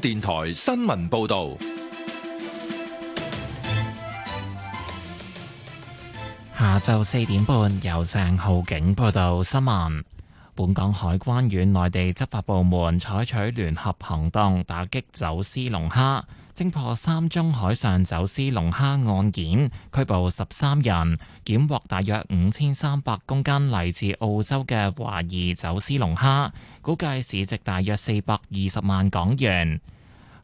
電台新聞報道，下晝四點半由鄭浩景報道新聞。本港海關與內地執法部門採取聯合行動，打擊走私龍蝦，偵破三宗海上走私龍蝦案件，拘捕十三人，檢獲大約五千三百公斤嚟自澳洲嘅華裔走私龍蝦，估計市值大約四百二十萬港元。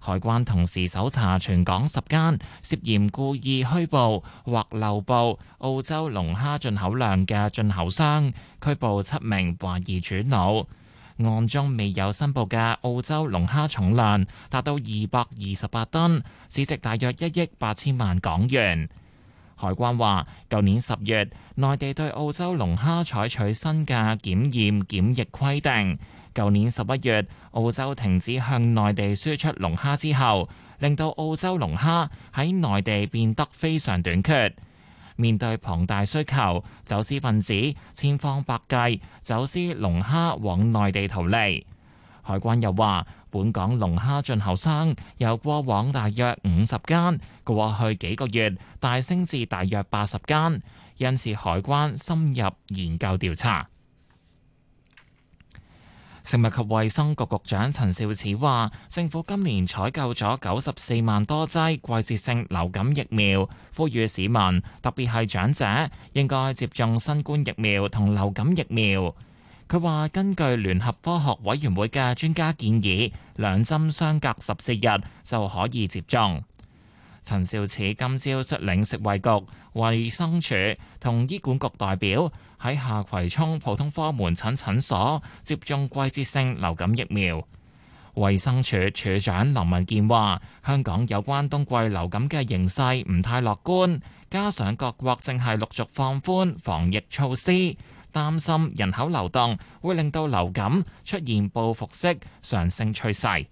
海關同時搜查全港十間涉嫌故意虛報或漏報澳洲龍蝦進口量嘅進口商，拘捕七名懷疑主腦。案中未有申報嘅澳洲龍蝦重量達到二百二十八噸，市值大約一億八千萬港元。海關話，舊年十月，內地對澳洲龍蝦採取新嘅檢驗檢疫規定。舊年十一月，澳洲停止向內地輸出龍蝦之後，令到澳洲龍蝦喺內地變得非常短缺。面對龐大需求，走私分子千方百計走私龍蝦往內地圖利。海關又話。本港龍蝦進口商由過往大約五十間，過去幾個月大升至大約八十間，因此海關深入研究調查。食物及衛生局局長陳肇始話，政府今年採購咗九十四萬多劑季節性流感疫苗，呼籲市民，特別係長者，應該接種新冠疫苗同流感疫苗。佢話：根據聯合科學委員會嘅專家建議，兩針相隔十四日就可以接種。陳肇始今朝率領食衛局、衞生署同醫管局代表喺下葵涌普通科門診診所接種季節性流感疫苗。衞生署署長林文健話：香港有關冬季流感嘅形勢唔太樂觀，加上各國正係陸續放寬防疫措施。擔心人口流動會令到流感出現報復式上升趨勢。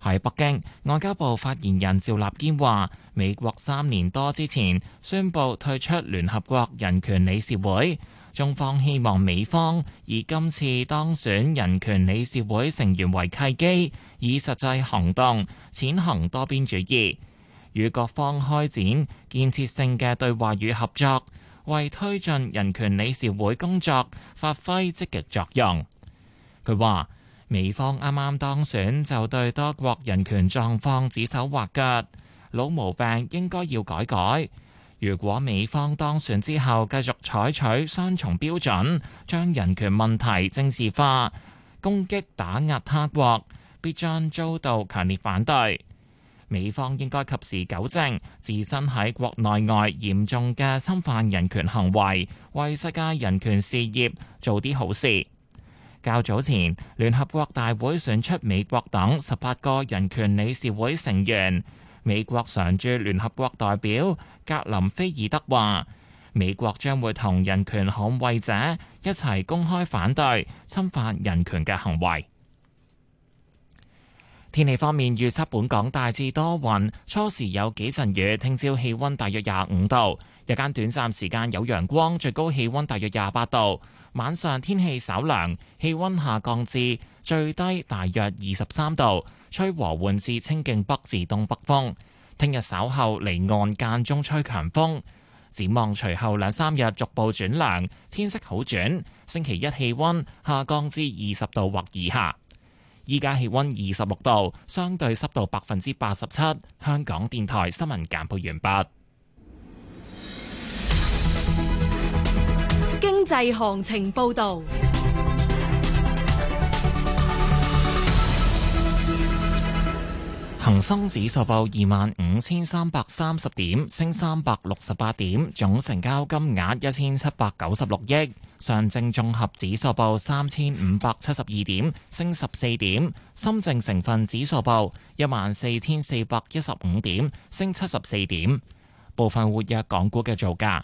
喺北京，外交部發言人趙立堅話，美國三年多之前宣布退出聯合國人權理事會，中方希望美方以今次當選人權理事會成員為契機，以實際行動踐行多邊主義，與各方開展建設性嘅對話與合作。為推進人權理事會工作，發揮積極作用。佢話：美方啱啱當選就對多國人權狀況指手畫腳，老毛病應該要改改。如果美方當選之後繼續採取雙重標準，將人權問題政治化，攻擊打壓他國，必將遭到強烈反對。美方應該及時糾正自身喺國內外嚴重嘅侵犯人權行為，為世界人權事業做啲好事。較早前，聯合國大會選出美國等十八個人權理事會成員，美國常駐聯合國代表格林菲爾德話，美國將會同人權捍衞者一齊公開反對侵犯人權嘅行為。天氣方面預測，本港大致多雲，初時有幾陣雨。聽朝氣溫大約廿五度，日間短暫時間有陽光，最高氣溫大約廿八度。晚上天氣稍涼，氣溫下降至最低大約二十三度，吹和緩至清勁北至東北風。聽日稍後離岸間中吹強風，展望隨後兩三日逐步轉涼，天色好轉。星期一氣溫下降至二十度或以下。依家氣溫二十六度，相對濕度百分之八十七。香港電台新聞簡報完畢。經濟行情報道。恒生指數報二萬五千三百三十點，升三百六十八點，總成交金額一千七百九十六億。上證綜合指數報三千五百七十二點，升十四點。深證成分指數報一萬四千四百一十五點，升七十四點。部分活躍港股嘅造價：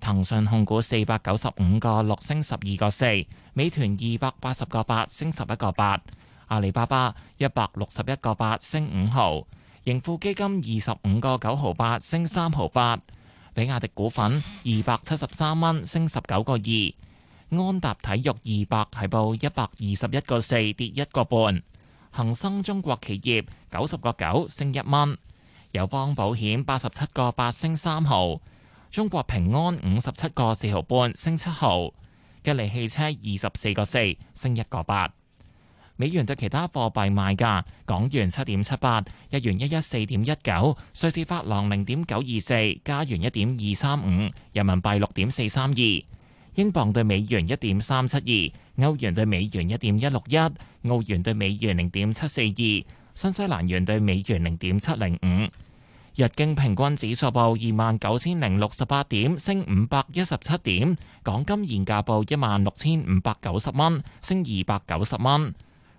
騰訊控股四百九十五個六升十二個四，美團二百八十個八升十一個八。阿里巴巴一百六十一個八升五毫，盈富基金二十五個九毫八升三毫八，比亞迪股份二百七十三蚊升十九個二，安踏體育二百係報一百二十一個四跌一個半，恒生中國企業九十個九升一蚊，友邦保險八十七個八升三毫，中國平安五十七個四毫半升七毫，吉利汽車二十四個四升一個八。美元對其他貨幣賣價：港元七點七八，日元一一四點一九，瑞士法郎零點九二四，加元一點二三五，人民幣六點四三二，英鎊對美元一點三七二，歐元對美元一點一六一，澳元對美元零點七四二，新西蘭元對美元零點七零五。日經平均指數報二萬九千零六十八點，升五百一十七點。港金現價報一萬六千五百九十蚊，升二百九十蚊。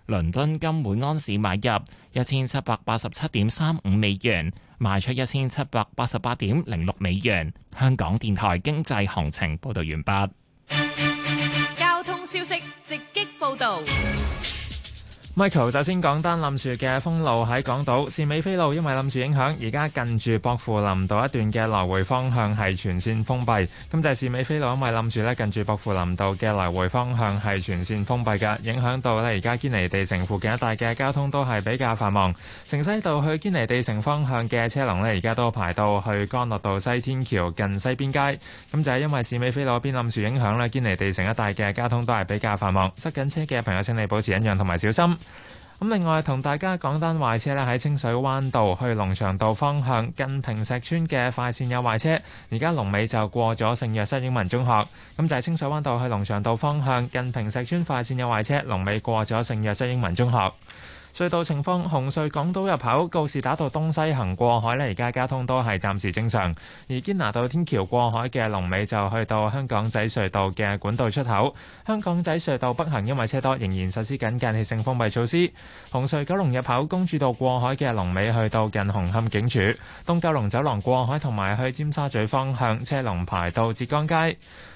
倫敦金每安士買入一千七百八十七點三五美元，賣出一千七百八十八點零六美元。香港電台經濟行情報道完畢。交通消息直擊報道。Michael 就先講單冧樹嘅封路喺港島士美菲路，因為冧樹影響，而家近住薄扶林道一段嘅來回方向係全線封閉。咁就係士美菲路因為冧樹咧，近住薄扶林道嘅來回方向係全線封閉嘅，影響到咧而家堅尼地城附近一帶嘅交通都係比較繁忙。城西道去堅尼地城方向嘅車龍呢，而家都排到去干諾道西天橋近西邊街。咁就係因為士美菲路邊冧樹影響咧，堅尼地城一帶嘅交通都係比較繁忙，塞緊車嘅朋友請你保持忍讓同埋小心。咁另外同大家講單壞車咧，喺清水灣道去龍翔道方向近平石村嘅快線有壞車，而家龍尾就過咗聖若瑟英文中學。咁就係、是、清水灣道去龍翔道方向近平石村快線有壞車，龍尾過咗聖若瑟英文中學。隧道情況，紅隧港島入口，告士打道東西行過海咧，而家交通都係暫時正常。而堅拿道天橋過海嘅龍尾就去到香港仔隧道嘅管道出口。香港仔隧道北行因為車多，仍然實施緊間歇性封閉措施。紅隧九龍入口，公主道過海嘅龍尾去到近紅磡警署，東九龍走廊過海同埋去尖沙咀方向車龍排到浙江街。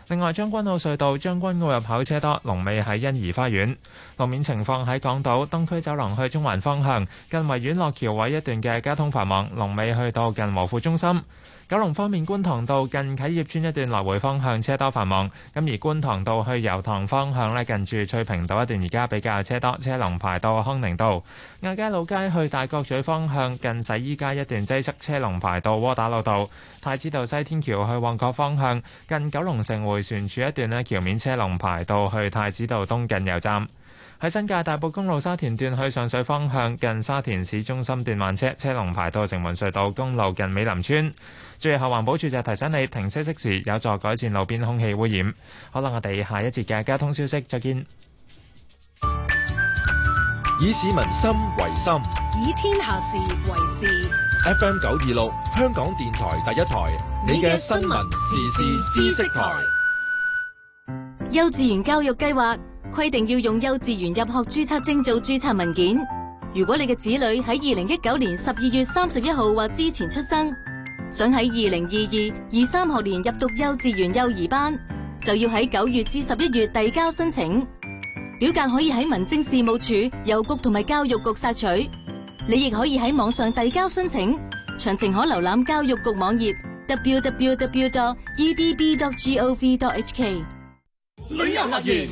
另外，將軍澳隧道將軍澳入口車多，龍尾喺欣怡花園。路面情況喺港島東區走廊去中環方向，近維園落橋位一段嘅交通繁忙，龍尾去到近和富中心。九龍方面，觀塘道近啟業村一段來回方向車多繁忙，咁而觀塘道去油塘方向咧，近住翠屏道一段而家比較車多，車龍排到康寧道。亞皆老街去大角咀方向，近洗衣街一段擠塞，車龍排到窩打老道。太子道西天橋去旺角方向，近九龍城回旋處一段咧，橋面車龍排到去太子道東近油站。喺新界大埔公路沙田段去上水方向，近沙田市中心段慢車，車龍排到城門隧道公路近美林邨。最後，環保署就提醒你，停車熄匙有助改善路邊空氣污染。好啦，我哋下一節嘅交通消息，再見。以市民心為心，以天下事為事。FM 九二六，香港電台第一台，你嘅新聞時事,事知識台，幼稚園教育計劃。規定要用幼稚園入學註冊證做註冊文件。如果你嘅子女喺二零一九年十二月三十一號或之前出生，想喺二零二二二三學年入讀幼稚園幼兒班，就要喺九月至十一月遞交申請。表格可以喺民政事務處、郵局同埋教育局索取。你亦可以喺網上遞交申請。詳情可瀏覽教育局網頁：www.edb.gov.hk。旅遊樂園。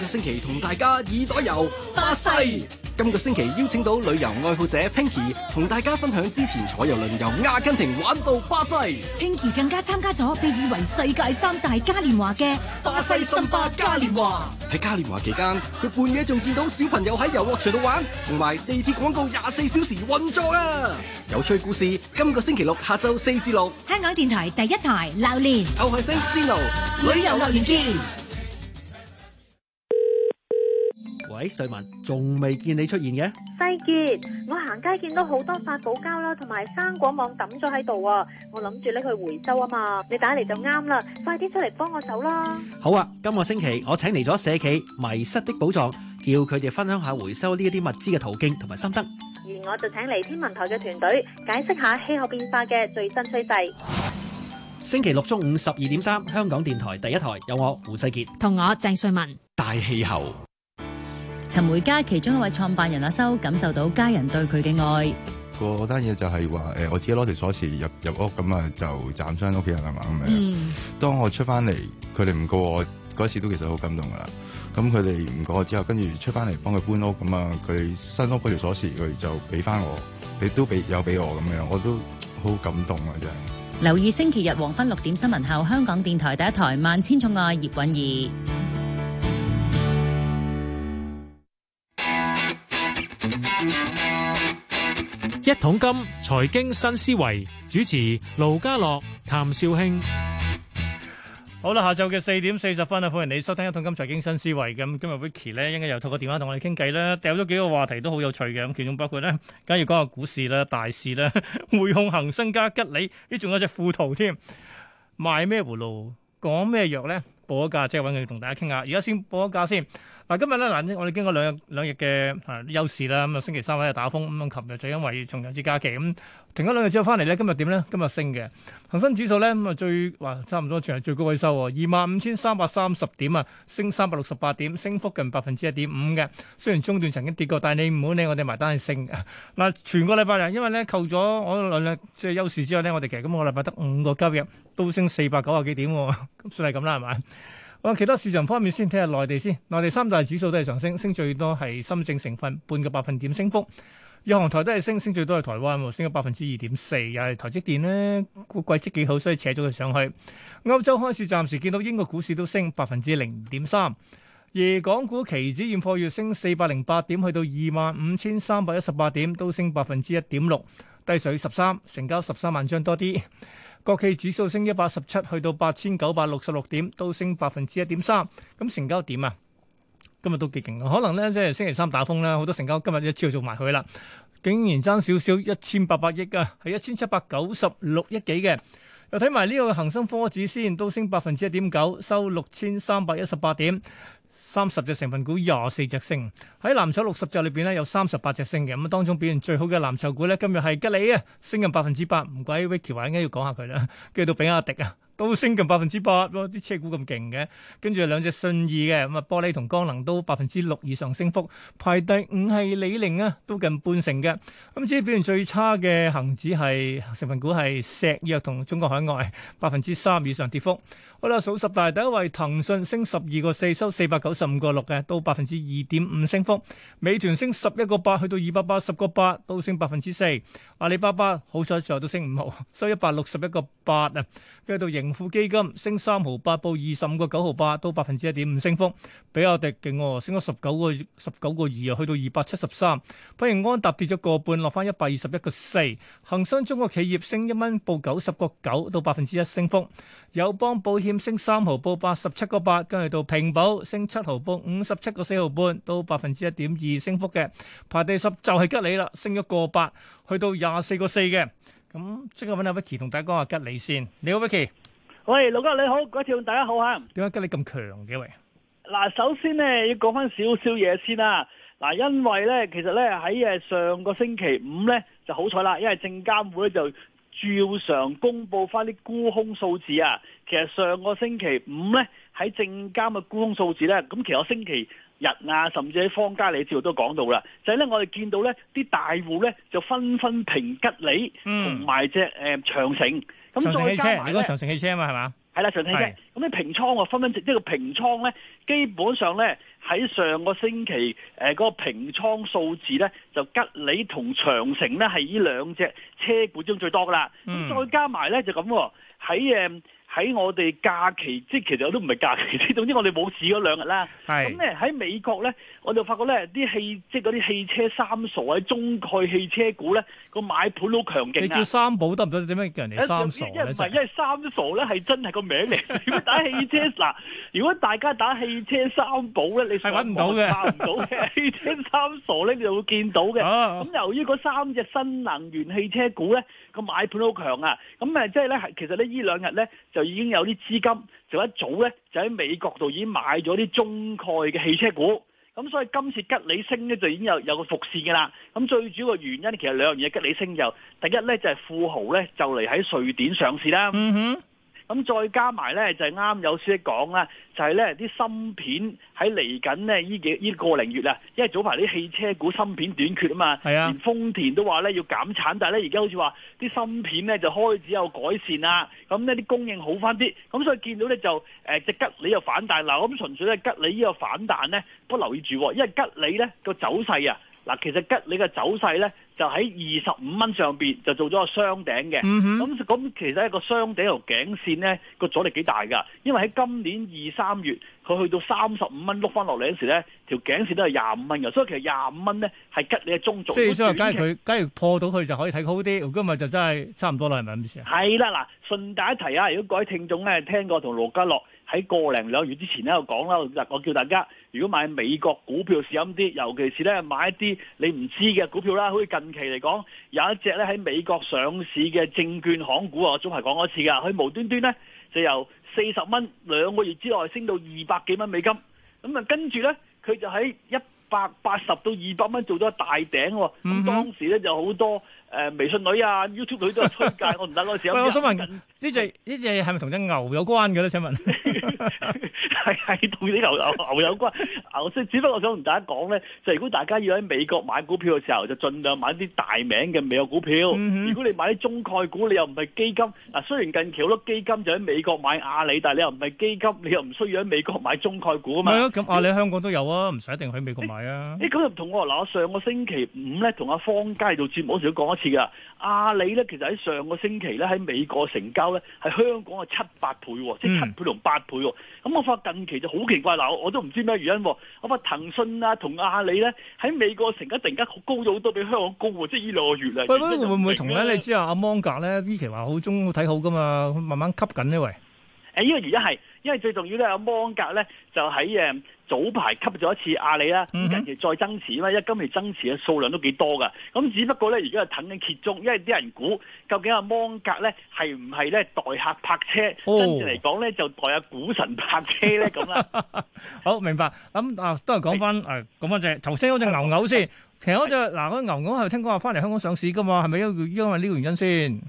個星期同大家耳左遊巴西，今個星期邀請到旅遊愛好者 Pinky 同大家分享之前坐郵輪由阿根廷玩到巴西。Pinky 更加參加咗被譽為世界三大嘉年華嘅巴西森巴嘉年華。喺嘉年華期間，佢半夜仲見到小朋友喺遊樂場度玩，同埋地鐵廣告廿四小時運作啊！有趣故事，今個星期六下晝四至六，香港電台第一台流年，歐海聲 C 羅、啊，旅遊樂園見。喺瑞文，仲未見你出現嘅。世杰，我行街見到好多發泡膠啦，同埋生果網抌咗喺度啊！我諗住拎佢回收啊嘛，你打嚟就啱啦，快啲出嚟幫我手啦！好啊，今個星期我請嚟咗社企《迷失的寶藏》，叫佢哋分享下回收呢一啲物資嘅途徑同埋心得。而我就請嚟天文台嘅團隊解釋下氣候變化嘅最新趨勢。星期六中午十二點三，香港電台第一台有我胡世杰同我鄭瑞文大氣候。陳梅家其中一位創辦人阿修感受到家人對佢嘅愛。嗰單嘢就係話，誒，我自己攞條鎖匙入入屋，咁啊就斬傷屋企人啊嘛，咁樣。嗯、當我出翻嚟，佢哋唔告我嗰時，都其實好感動噶啦。咁佢哋唔告我之後，跟住出翻嚟幫佢搬屋，咁啊佢新屋嗰條鎖匙，佢就俾翻我，亦都俾有俾我咁樣，我都好感動啊！真係。留意星期日黃昏六點新聞後，香港電台第一台《萬千寵愛葉蘊儀》。一桶金財經新思維，主持盧家樂、譚少卿，好啦，下晝嘅四點四十分啊，歡迎你收聽一桶金財經新思維。咁今日 Vicky 咧應該又透過電話同我哋傾偈啦。掉咗幾個話題都好有趣嘅。咁其中包括咧，梗要講下股市啦、大市啦、匯 控、恒生、加吉利，你仲有隻富途添，賣咩葫蘆，講咩藥咧？報一價，即係揾佢同大家傾下。而家先報一價先。嗱，今日咧，我哋經過兩兩日嘅啊休市啦，咁啊星期三喺度打風，咁琴日就因為重陽節假期，咁停咗兩日之後翻嚟咧，今日點咧？今日升嘅，恒生指數咧咁啊最話差唔多全日最高位收喎，二萬五千三百三十點啊，升三百六十八點，升幅近百分之一點五嘅。雖然中段曾經跌過，但係你唔好理我哋埋單係升嘅。嗱，全個禮拜啊，因為咧扣咗我兩兩即係休市之後咧，我哋其實今個禮拜得五個交易都升四百九十幾點，咁算係咁啦，係咪？往其他市場方面，先睇下內地先，內地三大指數都係上升，升最多係深證成分半個百分點升幅，日韓台都係升，升最多係台灣喎，升咗百分之二點四，又係台積電呢，股季績幾好，所以扯咗佢上去。歐洲開市暫時見到英國股市都升百分之零點三，而港股期指現貨月升四百零八點，去到二萬五千三百一十八點，都升百分之一點六，低水十三，成交十三萬張多啲。國企指數升一百十七，去到八千九百六十六點，都升百分之一點三。咁成交點啊？今日都幾勁啊！可能咧即係星期三打風啦，好多成交今日一朝做埋佢啦，竟然爭少少一千八百億啊，係一千七百九十六億幾嘅。又睇埋呢個恒生科指先，都升百分之一點九，收六千三百一十八點。三十隻成分股廿四隻升，喺藍籌六十隻裏邊咧有三十八隻升嘅，咁當中表現最好嘅藍籌股咧今日係吉利啊，升近百分之八，唔怪 Vicky 話應該要講下佢啦，跟住到比亞迪啊。都升近百分之八咯，啲車股咁勁嘅。跟住兩隻信義嘅咁啊，玻璃同光能都百分之六以上升幅。排第五係李寧啊，都近半成嘅。咁至於表現最差嘅恆指係成分股係石藥同中國海外，百分之三以上跌幅。好啦，數十大第一位騰訊升十二個四，收四百九十五個六嘅，都百分之二點五升幅。美團升十一個八，去到二百八十個八，都升百分之四。阿里巴巴好彩最後都升五毫，收一百六十一個八啊。繼續到盈富基金升三毫八，報二十五個九毫八，到百分之一點五升幅，比亞迪勁哦，升咗十九個十九個二啊，去到二百七十三。平安踏跌咗個半，落翻一百二十一個四。恒生中國企業升一蚊，報九十個九，到百分之一升幅。友邦保險升三毫，報八十七個八。跟住到平保升七毫，報五十七個四毫半，到百分之一點二升幅嘅。排第十就係吉利啦，升咗個八，去到廿四個四嘅。咁即刻搵阿 Vicky 同大家講下吉利先。你好，Vicky。喂，老哥你好，各位聽眾大家好吓，點解吉利咁強嘅？喂，嗱，首先咧要講翻少少嘢先啦。嗱，因為咧其實咧喺誒上個星期五咧就好彩啦，因為證監會咧就照常公布翻啲沽空數字啊。其實上個星期五咧喺證監嘅沽空數字咧，咁其實我星期日啊，甚至喺方家裏之後都講到啦，就係咧，我哋見到咧，啲大戶咧就紛紛平吉利同埋隻誒長城、嗯。咁再加埋你講長城汽車啊嘛，係嘛？係啦，長城汽車。咁啲是平倉啊，紛紛即係個平倉咧，基本上咧喺上個星期誒嗰個平倉數字咧，就吉利同長城咧係呢兩隻車股中最多噶啦、嗯。咁再加埋咧就咁喎，喺誒。呃喺我哋假期，即係其實我都唔係假期。總之我哋冇事嗰兩日啦。咁咧喺美國咧，我就發覺咧啲汽，即係啲汽車三傻喺中概汽車股咧個買盤好強勁。你叫三寶得唔得？點樣叫人哋三傻咧？因為唔係因為三傻咧係真係個名嚟，如果 打汽車嗱。如果大家打汽車三寶咧，你係揾唔到嘅，炒唔到嘅汽車三傻咧，你就會見到嘅。咁、啊啊、由於嗰三隻新能源汽車股咧。個買盤好強啊！咁、嗯、啊，即係咧，其實咧，呢兩日咧就已經有啲資金就一早咧就喺美國度已經買咗啲中概嘅汽車股，咁、嗯、所以今次吉利升咧就已經有有個伏線㗎喇。咁、嗯、最主要嘅原因，其實兩樣嘢，吉利升就第一咧就係、是、富豪咧就嚟喺瑞典上市啦。嗯哼。咁再加埋、就是就是、呢，就啱有師姐講啦，就係呢啲芯片喺嚟緊呢呢幾呢個零月啊，因為早排啲汽車股芯片短缺啊嘛，係啊的，連豐田都話呢要減產，但係呢而家好似話啲芯片呢就開始有改善啦，咁呢啲供應好返啲，咁所以見到呢，就誒隻吉利又反彈，嗱咁純粹呢，吉利呢個反彈呢，都留意住，因為吉利呢個走勢啊。嗱，其實吉你嘅走勢咧，就喺二十五蚊上邊就做咗個雙頂嘅。咁咁其實一個雙頂同頸線咧，個阻力幾大㗎。因為喺今年二三月，佢去到三十五蚊碌翻落嚟嗰時咧，條頸線都係廿五蚊嘅。所以其實廿五蚊咧係吉你嘅中軸。即係如果假如佢假如破到佢就可以睇好啲，今日就真係差唔多啦，係咪咁意思啊？係啦，嗱，順帶一提啊，如果各位聽眾咧聽過同羅家樂。喺個零兩月之前咧，我講啦，我叫大家如果買美國股票試飲啲，尤其是咧買一啲你唔知嘅股票啦。好似近期嚟講，有一隻咧喺美國上市嘅證券行股啊，我總係講多次㗎。佢無端端咧就由四十蚊兩個月之內升到二百幾蚊美金，咁啊跟住咧佢就喺一百八十到二百蚊做咗大頂。咁、嗯、哼當時咧就好多誒微信女啊、YouTube 女都出介 我，唔得嗰時。喂，我想問呢隻呢隻係咪同隻牛有關嘅咧？請問？ 係係同啲牛牛有關，牛，即係，只不過我想同大家講呢，就係如果大家要喺美國買股票嘅時候，就盡量買啲大名嘅美國股票。嗯、哼如果你買啲中概股，你又唔係基金，嗱，雖然近期好多基金就喺美國買阿里，但係你又唔係基金，你又唔需要喺美國買中概股啊嘛。咁阿里香港都有啊，唔使你一定喺美國買啊。誒，咁又同我嗱，我上個星期五呢，同阿方佳做節目嗰時都講一次噶。阿里咧，其實喺上個星期咧喺美國成交咧係香港係七八倍，即係七倍同八倍。咁我發近期就好奇怪，嗱我都唔知咩原因。我發騰訊啊同阿里咧喺美國成交突然間好高咗好多，比香港高，即係呢兩個月嚟。喂會唔會同咧？你知啊，阿芒格咧依期話好中睇好噶嘛，慢慢吸緊呢位。誒，依個原因係。因為最重要咧，阿芒格咧就喺誒早排吸咗一次阿里啦，跟住、嗯、哼再增持啦。因為今期增持嘅數量都幾多噶。咁只不過咧，而家又等緊揭盅，因為啲人估究竟阿芒格咧係唔係咧代客泊車，跟住嚟講咧就代阿股神泊車咧咁啊。 好明白，咁、嗯、啊都係講翻誒講翻隻頭先嗰隻牛牛先。其實嗰隻嗱隻牛牛係聽講話翻嚟香港上市噶嘛，係咪因因為呢個原因先？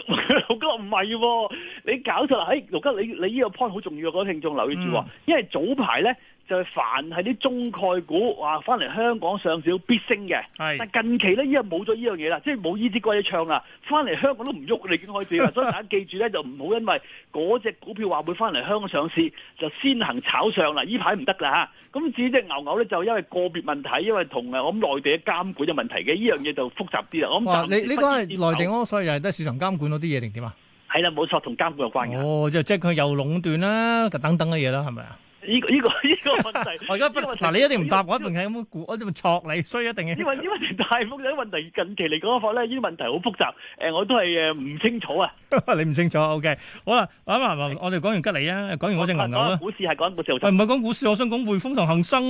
盧吉唔係，你搞錯啦！哎，盧吉，你你呢個 point 好重要，各位聽眾留意住，嗯、因為早排咧。就係凡係啲中概股，話翻嚟香港上市都必升嘅。係，但近期咧，依家冇咗依樣嘢啦，即係冇依支歌仔唱啦。翻嚟香港都唔喐，你已經開始啦。所以大家記住咧，就唔好因為嗰隻股票話會翻嚟香港上市，就先行炒上啦。依排唔得啦吓。咁至於隻牛牛咧，就因為個別問題，因為同啊，我諗內地嘅監管嘅問題嘅，依樣嘢就複雜啲啦。我諗你講係內地咯，所以又係得市場監管嗰啲嘢定點啊？係啦，冇錯，同監管有關嘅。哦，即係即係佢又壟斷啦，等等嘅嘢啦，係咪啊？依個依個依個問題，我而家不嗱，你一定唔答，我一定係咁估，我一定戳你，所以一定。因為因為大風有問題，近期嚟講咧，依啲問題好複雜，誒，我都係誒唔清楚啊。你唔清楚，OK，好啦，啱啱，我哋講完吉利啊，講完嗰隻銀行啦。股市係講冇時候，唔係講股市，我想講匯豐同恒生。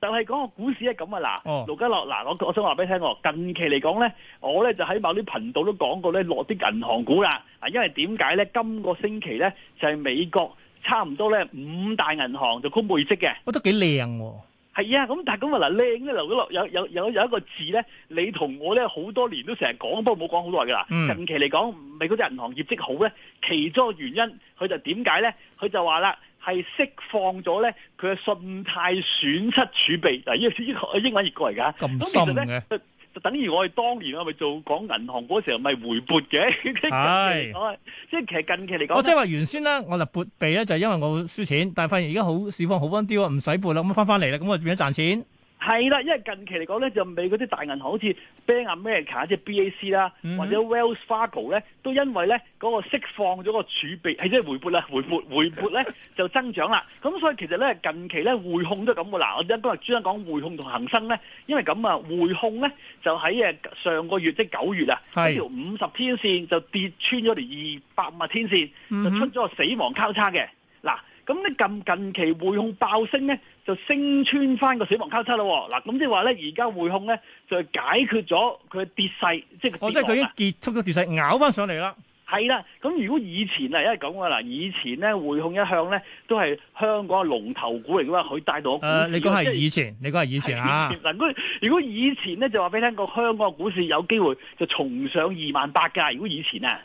但係講個股市係咁啊，嗱，盧家樂嗱，我我想話俾你聽，我近期嚟講咧，我咧就喺某啲頻道都講過咧，落啲銀行股啦。啊，因為點解咧？今個星期咧就係美國。差唔多咧，五大銀行就公佈業績嘅，我覺得幾靚喎。係啊，咁但係咁話嗱靚咧，留咗落有有有有一個字咧，你同我咧好多年都成日講，不過冇講好耐㗎啦。嗯、近期嚟講，美國只銀行業績好咧，其中嘅原因佢就點解咧？佢就話啦，係釋放咗咧佢嘅信貸損失儲備。嗱，呢依個英文譯過嚟㗎，咁深嘅。其實呢等於我哋當年我咪做講銀行嗰時候咪回撥嘅，即 係是其實近期嚟講，我即係話原先咧，我嚟撥備咧就係因為我輸錢，但係發現而家好市況好翻啲喎，唔使撥啦，咁啊翻翻嚟啦，咁我變咗賺錢。係啦，因為近期嚟講咧，就美國啲大銀行，好似 Bank America 即係 BAC 啦，hmm. 或者 Wells Fargo 咧，都因為咧嗰個釋放咗個儲備，係即係回撥啦，回撥回撥咧就增長啦。咁所以其實咧近期咧匯控都係咁嘅啦。我啱啱專登講匯控同恒生咧，因為咁啊匯控咧就喺誒上個月即係九月啊，是一條五十天線就跌穿咗條二百五十天線，就出咗個死亡交叉嘅嗱。咁咧近近期匯控爆升咧，就升穿翻個死亡交叉咯，哦。嗱，咁即係話咧，而家匯控咧就解決咗佢嘅跌勢，即係我即係佢已經結束咗跌勢，咬翻上嚟啦。係啦，咁如果以前啊，因為咁啊嗱，以前咧匯控一向咧都係香港嘅龍頭股嚟噶嘛，佢帶到，你講係以前，你講係以前啦。嗱，如果以前咧，就話俾你聽個香港嘅股市有機會就重上二萬八㗎。如果以前啊，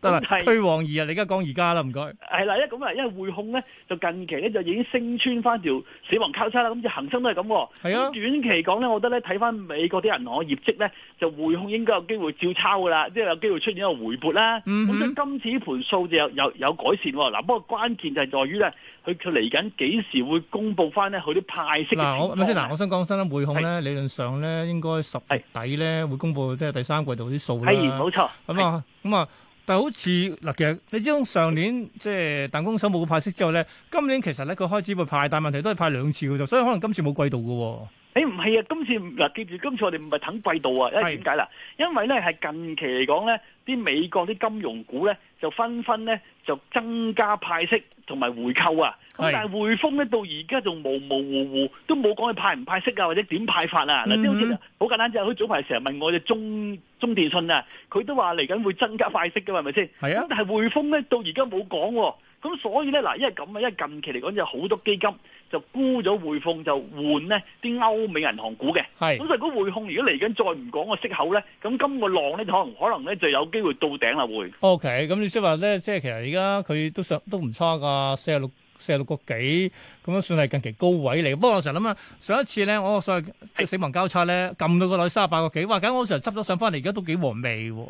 都係虛妄而啊，你而家講而家啦，唔該。係啦，因為咁啊，因為匯控咧就近期咧就已經升穿翻條死亡交叉啦，咁就恆生都係咁。係啊。啊短期講咧，我覺得咧睇翻美國啲銀行業績咧，就匯控應該有機會照抄㗎啦，即係有機會出現一個回撥啦。咁、嗯、所以今次呢盤數字有有有改善嗱、哦，不過關鍵就係在於咧，佢佢嚟緊幾時會公布翻咧佢啲派息？嗱，我，我先嗱，我想講先咧，匯控咧理論上咧應該十月底咧會公布即係第三季度啲數啦。係冇錯。咁啊咁啊，嗎的但係好似嗱，其實你知唔知上年即係彈弓手冇派息之後咧，今年其實咧佢開始會派，但係問題都係派兩次嘅啫，所以可能今次冇季度嘅、哦。你唔係啊！今次嗱，記住今次我哋唔係等季度啊，因是為點解啦？因為咧係近期嚟講咧，啲美國啲金融股咧就紛紛咧就增加派息同埋回購啊。咁是但係匯豐咧到而家仲模模糊糊，都冇講佢派唔派息啊，或者點派法啊？嗱、嗯，你好簡單啫，佢早排成日問我哋中中電信啊，佢都話嚟緊會增加派息噶嘛，係咪先？係啊，但係匯豐咧到而家冇講喎。咁所以咧嗱，因為咁啊，因為近期嚟講有好多基金就沽咗匯豐，就換咧啲歐美銀行股嘅。係，咁所以如果匯控如果嚟緊再唔講個息口咧，咁今個浪咧，可能可能咧就有機會到頂啦會。OK，咁即係話咧，即係其實而家佢都上都唔差㗎，四十六四十六個幾，咁樣算係近期高位嚟。不過我成日諗啊，上一次咧，我個所謂死亡交叉咧，撳到個內三十八個幾，哇！咁我成日執咗上翻嚟，而家都幾和味喎。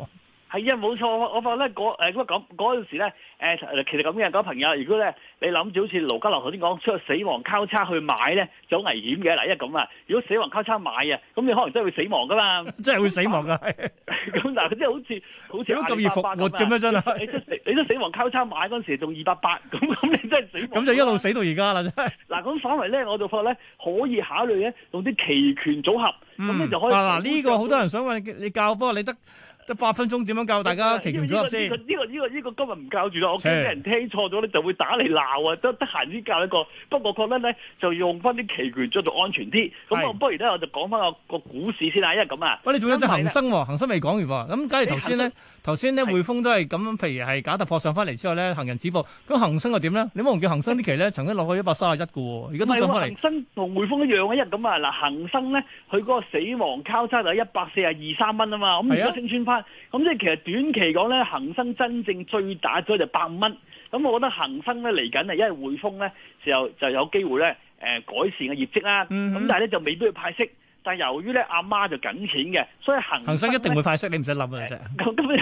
係啊，冇錯。我發覺咧嗰誒咁嗰陣時咧，誒、呃、其實咁嘅嗰啲朋友，如果咧你諗住好似盧嘉樂頭先講，出去死亡交叉去買咧，就好危險嘅。嗱，因為咁啊，如果死亡交叉買啊，咁你可能真係會死亡噶嘛，真係會死亡噶。咁嗱，即係好似好似咁易復活咁樣真啦。你都死，亡交叉買嗰陣時仲二百八，咁咁你真係死。咁 就一路死到、啊、而家啦。嗱，咁反為咧，我就發覺咧可以考慮咧，用啲期權組合，咁咧、嗯嗯、就可以。嗱呢、嗯這個好多人想問你，你教科你得？得八分鐘點樣教大家期權咗先？呢、這個呢、這個呢、這個今日唔教住啦，我驚啲人聽錯咗咧就會打嚟鬧啊！得得閒先教一個。不過我覺得咧，就用翻啲期權再做到安全啲。咁啊是，不如咧我就講翻個個股市先啦、啊，因為咁啊。喂是，你仲是有隻恒生喎、啊哎？恆生未講完喎。咁假如頭先咧，頭先咧，匯豐都係咁，譬如係假突破上翻嚟之後咧，行人指報咁恒生又點咧？你唔好忘記恒生啲期咧曾經落去一百三十一嘅，而家都上翻嚟。唔、啊、恆生同匯豐一樣啊？一日咁啊嗱，恆生咧佢嗰個死亡交叉就一百四廿二三蚊啊嘛，咁而家升穿翻。咁即係，其實短期講咧，恒生真正最大咗就百蚊。咁我覺得恒生咧嚟緊啊，因為匯豐咧，時候就有機會咧，誒、呃、改善嘅業績啦。咁但係咧就未必要派息。但係由於咧阿媽就緊錢嘅，所以恒生，生一定會派息，你唔使諗啦，真係、呃。實因為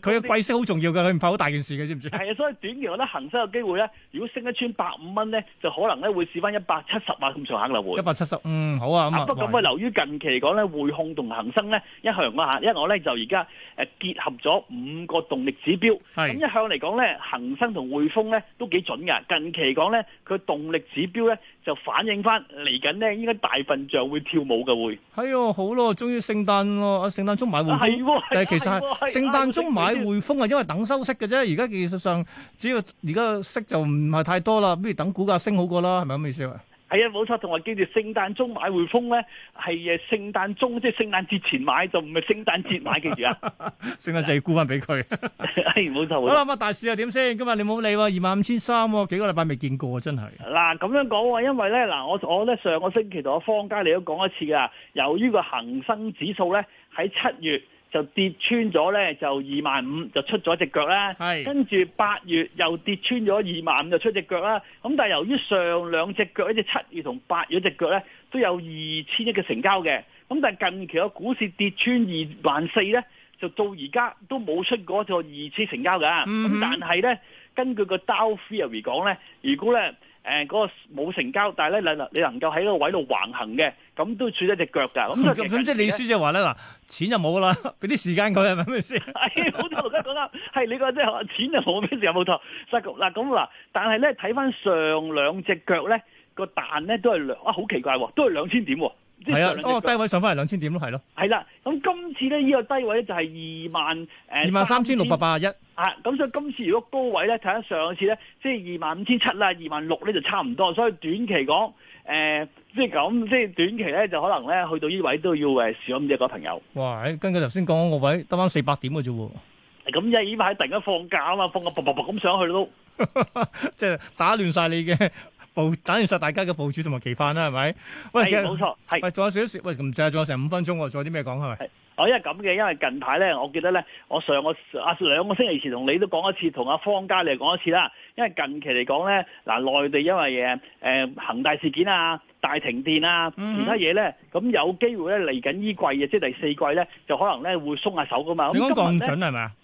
佢嘅季息好重要嘅，佢唔派好大件事嘅，知唔知？係啊，所以短期我覺得恒生嘅機會咧，如果升一穿百五蚊咧，就可能咧會試翻一百七十萬咁上下嘅樓一百七十，170, 嗯，好啊，啊不過咁啊，由於近期嚟講咧匯控同恒生咧一向啊。嚇，因為我咧就而家誒結合咗五個動力指標，咁的一向嚟講咧，恒生同匯豐咧都幾準嘅。近期嚟講咧，佢動力指標咧。就反映翻嚟緊咧，應該大笨象會跳舞嘅會。係喎、哎，好咯，終於聖誕咯，阿聖誕鐘買匯豐。但係、啊啊啊、其實聖誕鐘買匯豐啊，因為等收息嘅啫。而家技術上，只要而家息就唔係太多啦，不如等股價升好過啦，係咪咁嘅意思啊？係啊，冇、哎、錯，同埋記住，聖誕鐘買匯豐咧，係誒聖誕鐘，即係聖誕節前買，就唔係聖誕節買，記住啊！ 聖誕就要沽翻俾佢。係 冇、 哎、錯。好啦了，咁啊，大市又點先？今日你冇理喎，二萬五千三，幾個禮拜未見過啊，真係。嗱咁樣講喎，因為咧嗱，我我咧上個星期同阿方家你都講一次噶，由於個恒生指數咧喺七月。就跌穿咗咧，就二萬五就出咗隻腳啦。係是，跟住八月又跌穿咗二萬五就出隻腳啦。咁但係由於上兩隻腳，一隻七月同八月隻腳咧，都有二千億嘅成交嘅。咁但係近期個股市跌穿二萬四咧，就到而家都冇出過個二千成交㗎。咁、嗯、但係咧，根據個 Dow Theory 講咧，如果咧，誒，嗰、嗯，那個冇成交，但係咧，你你能夠喺嗰個位度橫行嘅，咁都處得隻腳噶。咁即係，即係你書就話咧，嗱，錢就冇啦，俾啲時間佢係咪先？係冇錯，講 得啱，係你講真，錢就冇咩事有有，有冇錯？嗱咁嗱，但係咧睇翻上兩隻腳咧，個彈咧都係兩，啊好奇怪，都係兩千點。係啊，哦低位上翻嚟兩千點咯，係咯、啊。係啦、啊，咁今次咧呢、這個低位咧就係二萬誒二萬三千六百八十一啊，咁所以今次如果高位咧睇下上次咧，即係二萬五千七啦，二萬六咧就差唔多，所以短期講誒即係咁，即係短期咧就可能咧去到呢位都要誒少咁一、那個朋友。哇，跟佢頭先講個位得翻四百點嘅啫喎，咁因為依排突然間放假啊嘛，放個卜卜卜咁上去都即係打亂晒你嘅。報等完晒大家嘅部署同埋計劃啦，係咪？喂，係冇錯，係。喂，仲有少少，喂，唔就係仲有成五分鐘，再啲咩講係咪？哦，因為咁嘅，因為近排咧，我記得咧，我上個啊兩個星期前同你都講一次，同阿方家你又講一次啦。因為近期嚟講咧，嗱、呃、內地因為誒誒恒大事件啊、大停電啊、嗯、哼其他嘢咧，咁有機會咧嚟緊依季嘅，即係第四季咧，就可能咧會鬆下手噶嘛。你講降準係咪啊？是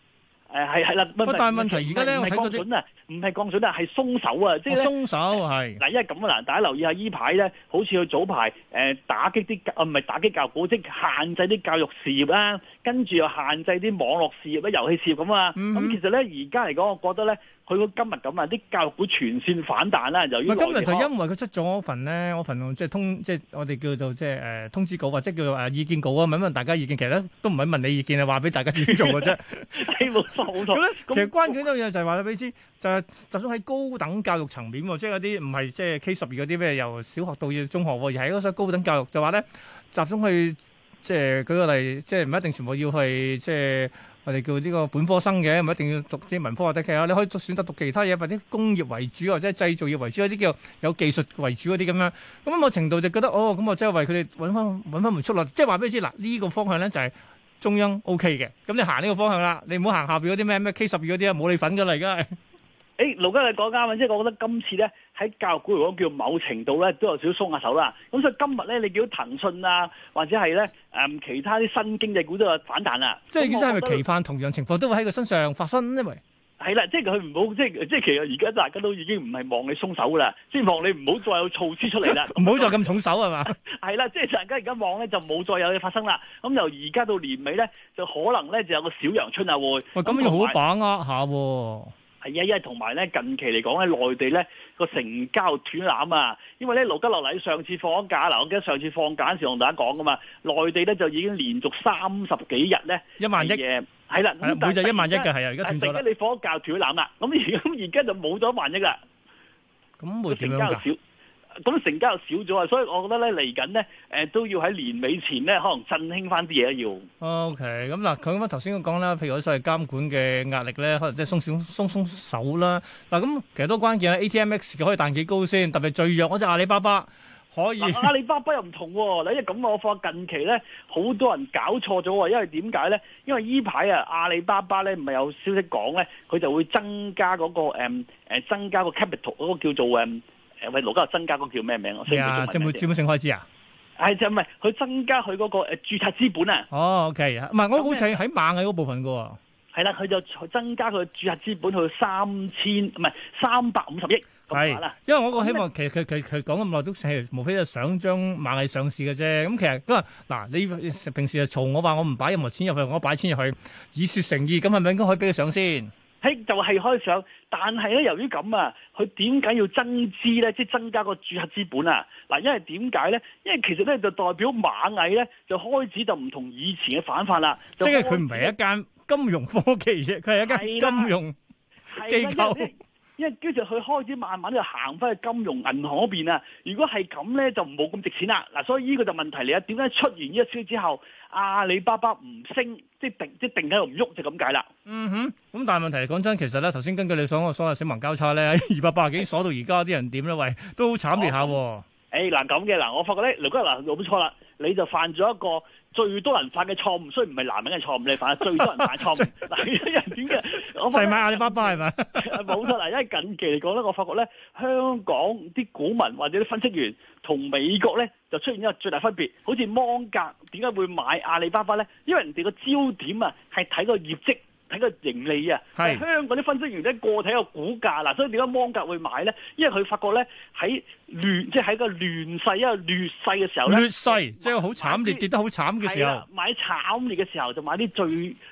誒係係啦，唔但係問題而家咧，唔係降準啊，唔係降準啦，係鬆手啊，即係鬆手係，嗱，因為咁啊，嗱，大家留意下依排咧，好似佢早排誒打擊啲教，唔係打擊教育組織，即係限制啲教育事業啦。跟住又限制啲網絡事業、啲遊戲事業咁啊！咁其實咧，而家嚟講，我覺得咧，佢個今日咁啊，啲教育股全線反彈啦。由於今日就因為佢出咗份咧，我份即係通，即係我哋叫做即係誒通知稿，或者叫做意見稿啊，問一問大家意見。其實都唔係問你意見啊，話俾大家點做嘅啫。基本冇錯。其實關鍵一樣就係話俾你知，就係集中喺高等教育層面，即係嗰啲唔係即係 K 十二嗰啲咩，由小學到中學，而係嗰所高等教育就話咧，集中去。即係舉個例，即係唔一定全部要去。即係我哋叫呢個本科生嘅，唔一定要讀啲文科或者其他，你可以選擇讀其他嘢，或者工業為主，或者製造業為主，一啲叫有技術為主嗰啲咁樣。咁某程度就覺得哦，咁我即係為佢哋揾翻揾翻回，回出路。即係話俾你知，嗱，呢個方向咧就係中央 O K 嘅，咁你行呢個方向啦，你唔好行下邊嗰啲咩咩 K 十二嗰啲啊，冇你份噶啦而家。誒，盧嘉麗講啱，即係我覺得今次咧喺教育股，如果叫某程度咧都有少少鬆下手啦。咁所以今日咧，你見到騰訊啊，或者係咧誒其他啲新經濟股都有反彈啦。即係，亦都係咪期盼同樣情況都會喺佢身上發生？因為係啦，即係佢唔好即係即係，其實而家大家都已經唔係望你鬆手啦，先望你唔好再有措施出嚟啦，唔好再咁重手係嘛。係啦，即係突然間而家望咧就冇再有嘢發生啦。咁由而家到年尾咧，就可能咧就有個小陽春啊會。喂，咁要好把握下。係啊，一係同埋咧近期嚟講咧，內地咧個成交斷纜啊，因為咧落得落嚟。上次放咗假嗱，我記得上次放假嗰時同大家講噶嘛，內地咧就已經連續三十幾日咧一萬億嘅係啦，每日一萬億嘅係啊，而家斷咗。突然間你放咗假斷纜啦，咁而咁而家就冇咗萬億啦，咁會點樣㗎？咁成交又少咗啊，所以我覺得咧嚟緊咧，誒、呃、都要喺年尾前咧，可能振興翻啲嘢要。OK，咁、嗯、嗱，佢咁樣頭先講啦，譬如我所謂監管嘅壓力咧，可能即係鬆少鬆，鬆鬆手啦。嗱、嗯，咁其實都關鍵啊。ATMX 嘅可以彈幾高先，特別最弱嗰隻阿里巴巴可以、啊。阿里巴巴又唔同喎、哦，嗱，咁我放近期咧，好多人搞錯咗喎，因為點解咧？因為依排啊，阿里巴巴咧唔係有消息講咧，佢就會增加嗰、那個誒、嗯、增加個 capital 嗰個叫做誒。家有位盧嘉又增加嗰叫咩名？啊，即係冇資本性開支啊？係就唔係佢增加佢嗰個誒注冊資本啊？哦，OK 唔係我好似喺螞蟻嗰部分噶喎、啊。係啦，佢就增加佢注冊資本去三千唔係三百五十億咁多啦。因為我個希望你其實佢佢佢講咁耐都係，無非就想將螞蟻上市嘅啫。咁其實嗱，你平時就嘈我話我唔擺任何錢入去，我擺錢入去以說誠意，咁係咪應該可以俾佢上先？就係可以想，但係咧由於咁啊，佢點解要增資咧？即係增加個註冊資本啊！嗱，因為點解咧？因為其實咧就代表螞蟻咧就開始就唔同以前嘅反法啦。即係佢唔係一間金融科技嘅，佢係一間金融機構。因為跟住佢開始慢慢就行翻去金融銀行嗰邊啊，如果係咁咧就冇咁值錢啦。嗱、啊，所以呢個就問題嚟啊。點解出現呢一招之後，阿里巴巴唔升，即係定即係定喺度唔喐就咁解啦。嗯哼，咁但係問題講真，其實咧頭先根據你所講嘅所謂死亡交叉咧，二百八十幾鎖到而家啲人點咧？喂，都好慘烈下。誒嗱咁嘅嗱，我發覺咧，雷哥嗱，做冇錯啦，你就犯咗一個。最多人犯嘅錯誤，雖然唔係男人嘅錯誤，你犯最多人犯錯誤。嗱， 因為點解我發覺？ 買阿里巴巴係咪？冇錯啦，因為近期嚟講咧，我發覺咧，香港啲股民或者啲分析員同美國咧就出現一個最大分別。好似芒格點解會買阿里巴巴咧？因為人哋個焦點啊係睇個業績。睇個盈利啊，喺是香港啲分析員咧過睇個體股價啦，所以點解芒格會買咧？因為佢發覺咧喺亂，即係喺個亂勢一個劣勢嘅時候咧，劣勢即係好慘，跌跌得好慘嘅時候，買慘跌嘅時候就買啲最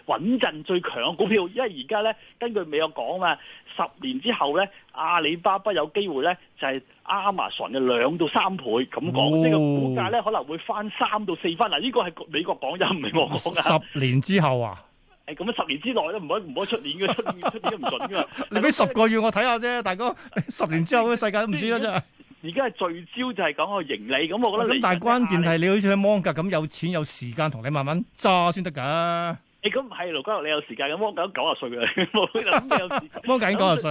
穩陣、最強嘅股票。因為而家咧，根據美國講嘛，十年之後咧，阿里巴巴有機會咧就係 Amazon 嘅兩到三倍咁講，呢個、哦、股價咧可能會翻三到四分。嗱，呢個係美國講，又唔係我講嘅。十年之後啊！誒，咁、欸、樣十年之內都唔可唔好出年嘅 出出年都唔準噶 你俾十個月我睇下啫，大哥。十年之後嘅世界都唔知得啦。而家係聚焦就係講個盈利，咁 我覺得你你。咁但係關鍵係你好似喺芒格咁，有錢有時間同你慢慢揸先得噶你咁唔係羅君，你有時間咁汪狗九啊歲嘅，你有時間。汪狗九啊歲，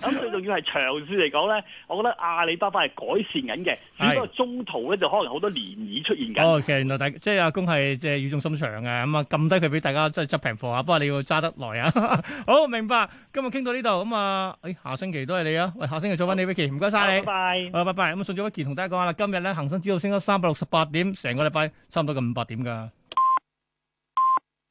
咁最重要係長線嚟講咧， 我覺得阿里巴巴係改善緊嘅，只不過中途咧就可能好多漣漪出現緊。哦，其實原來大即係阿公係即係語重心長嘅。咁啊，撳低佢俾大家即係執平貨啊，不過你要揸得耐啊。 好，明白。今日傾到呢度，咁、嗯、啊，誒、哎，下星期都係你啊。喂、哎，下星期做翻 Vicky，唔該晒你。拜，啊，拜拜。咁、嗯、啊，順住 Vicky 同大家講下啦。今，呢今呢日咧，恒生指數升咗三百六十八點，成個禮拜差唔多咁五百點㗎。